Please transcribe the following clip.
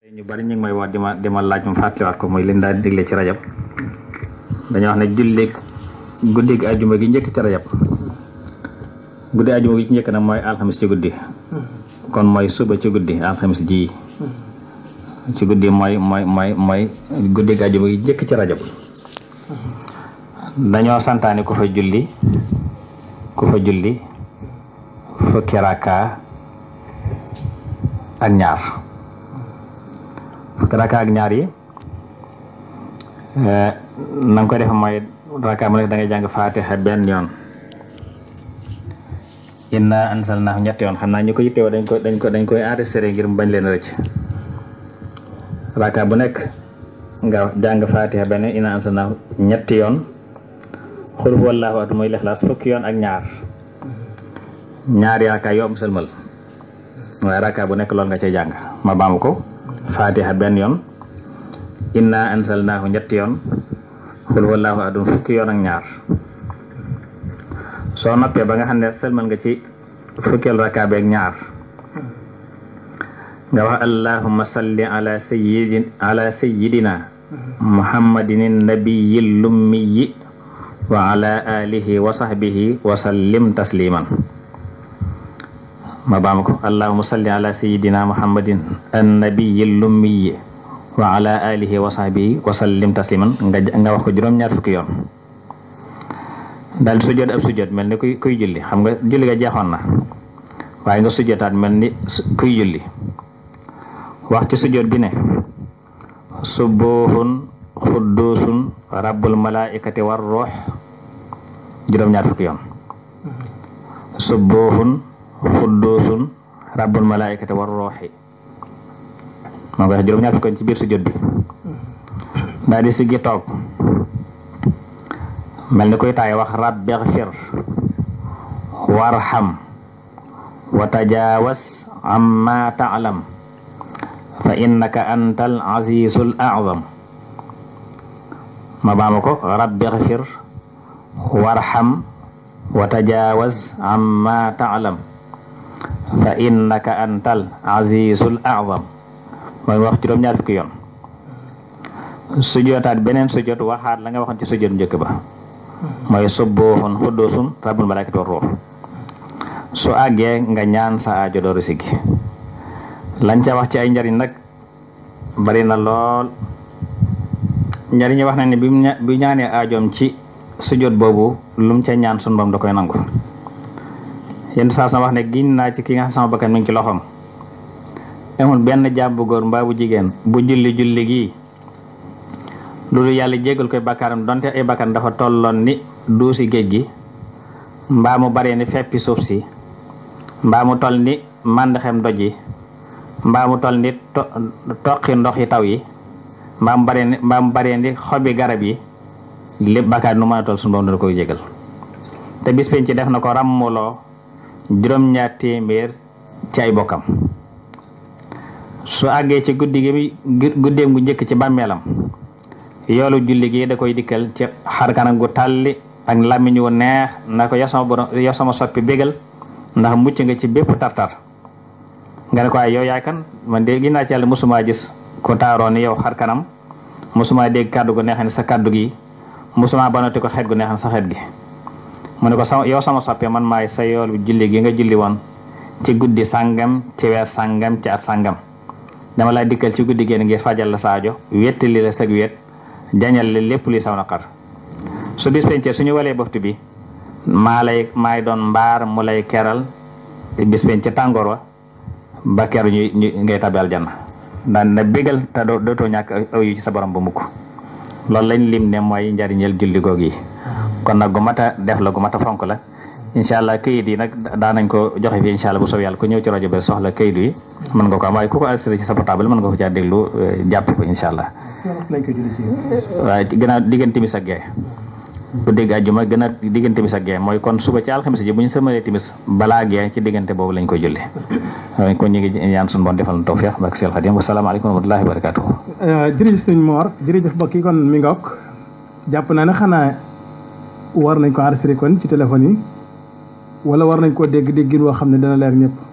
ñu bari ñu ngi may wax dima dima laaj mu fàttewaat ko muy leen daal digle ci rajab dañoo wax ne julleeg guddig ajuma gi njëkk ci rajab guddi ajuma gi ci njëkk na mooy alxamis ci guddi kon mooy suba ci guddi alxamis ji ci guddi mooy mooy mooy mooy guddig gi njëkk ci rajab dañoo santaani ku fa julli ku fa julli fukki raka ak ñaar te rakka ak ñaar yi eh, na nga koy def mooy rakka mu nekk da ngay jàng faatiha benn yoon inna ansalnaahu ñett yoon xam naa ñu ko yittewoo dañ ko dañ ko dañ koy enregistré ngir mu bañ leen rëcc rakka bu nekk nga jàng faatiha benn inna ansalnaahu ñetti yoon xul wallaahu at muy lexlaas fukki yoon ak ñaar ñaari rakka yoo sëlmal waaye rakka bu nekk loolu nga cay jàng ma baamu ko fatiha benn yoon inna ansalnaahu ñetti yoon xul wallaahu adun fukki yoon ak ñaar soo noppee ba nga xam ne sëlmal nga ci fukkeel rakkaa beeg nga wax allahumma salli ala sayyidi ala sayyidina wa alihi wa sahbihi wa sallim tasliman ma baam ko allahuma salli ala sayidina muhammadin annabiyil lummiyi wa ala alihi wa sahbihi wa sallim tasliman nga wax ko juróom-ñaar fukki yoon daal sujjoot ab sujjoot mel ni kuy kuy julli xam nga julli nga jeexoon waaye nga sujjootaat mel ni kuy julli wax ci sujjoot bi ne subuhun rabbul malaikati war ruux juróom-ñaar fukki yoon mm-hmm. subuhun khuddusun rabbul malaikati war ruhi ma Maka juróom ñaar fukkoon ci biir sujjóot bi da di sigi tok mel ni koy tay wax rabbi warham wa tajawas amma ta'lam fa innaka antal azizul a'zam ma baamu Rab rabbi warham wa tajawaz amma ta'lam fa innaka antal azizul azam mooy wax juróom-ñaar fukki yoon sujjootaat beneen sujjoot waxaat la nga waxoon ci sujjoot njëkk ba mooy subbuhun xuddusun rabbul malaakati war ruux su àggee nga ñaan sa aajo dooru lañ ca wax ci ay njariñ nag bari na lool njariñ wax na ni bi ñaanee aajoom ci sujjoot boobu lum ca ñaan sun boom da koy nangu yenn saa sama wax ne giñ naa ci ki nga xam sama bakkan mi loxoom amul benn jaam góor mbaa bu jigéen bu julli julli gii loolu yàlla jéggal koy bakkaaram donte ay bakkan dafa tolloon ni duusi géej gi mbaa mu bare ni feppi suuf si mbaa mu toll ni màndaxem doj yi mbaa mu toll ni toqi ndox yi taw yi mbaa mu bare ni mu bare ni xobi garab yi lépp bakkaar nu mën a toll suñu borom dana koy jéggal te bis penc def na ko ràmmuloo juróom ñaar téeméer ci ay bokkam su àggee ci guddi gi guddeem gu njëkk ci bàmmeelam yoolu julli gi da koy dikkal ci xarkanam gu tàlli ak làmmiñ wu neex na ko yasama borom yasama soppi bégal ndax mucc nga ci bépp tartar nga ne ko ay yow yaay kan man de ginnaa ci yàlla musumaa gis ko taaroo ni yow xarkanam musumaa dégg kàddu gu neex sa kàddu gi musumaa banati ko xet gu neex sa xet gi mu ne ko sama yow sama soppe man maay sa yoolu julli gi nga julli woon ci guddi sangam ci weer sangam ci at sangam dama lay dikkal ci guddi génn ngir fajal la saajo wettali la sag wet jañal la lépp li sama naqar su bis pencee suñu walee boftu bi maa lay maay doon mbaar mu lay keral bis pencee tàngoor wa ba ñu ngay aljanna na bégal te dootoo ñàkk aw yu ci sa borom ba mukk loolu lañ lim ne mooy njariñal julli kon nak gu mata def la gu mata fonk la inshallah allah kayit yi da nañ ko joxe fi inshallah allah bu soobee yalla ku ñew ci radio be soxla kayit yi man nga ko am waaye ku ko assuré ci sa portable man nga ko ja deglu eh, japp ko inshallah allah gëna digënté mi sa gee bu dégg aljuma gëna digënté mi mis ak kon suba ci alxamisi ji bu ñu timis bala gee ci digënté bobu lañ koy julli kon ñi ngi ñaan suñu bon defal na tawfiq ya, barke sel xadim alaykum wa rahmatullahi wa barakatuh eh, jërëjëf señ mor jërëjëf mbokk kon mi ngoog japp na na xana war nañ ko enregistré kon ci téléphone yi wala war nañ koo dégg déggin woo xam ne dana leer ñëpp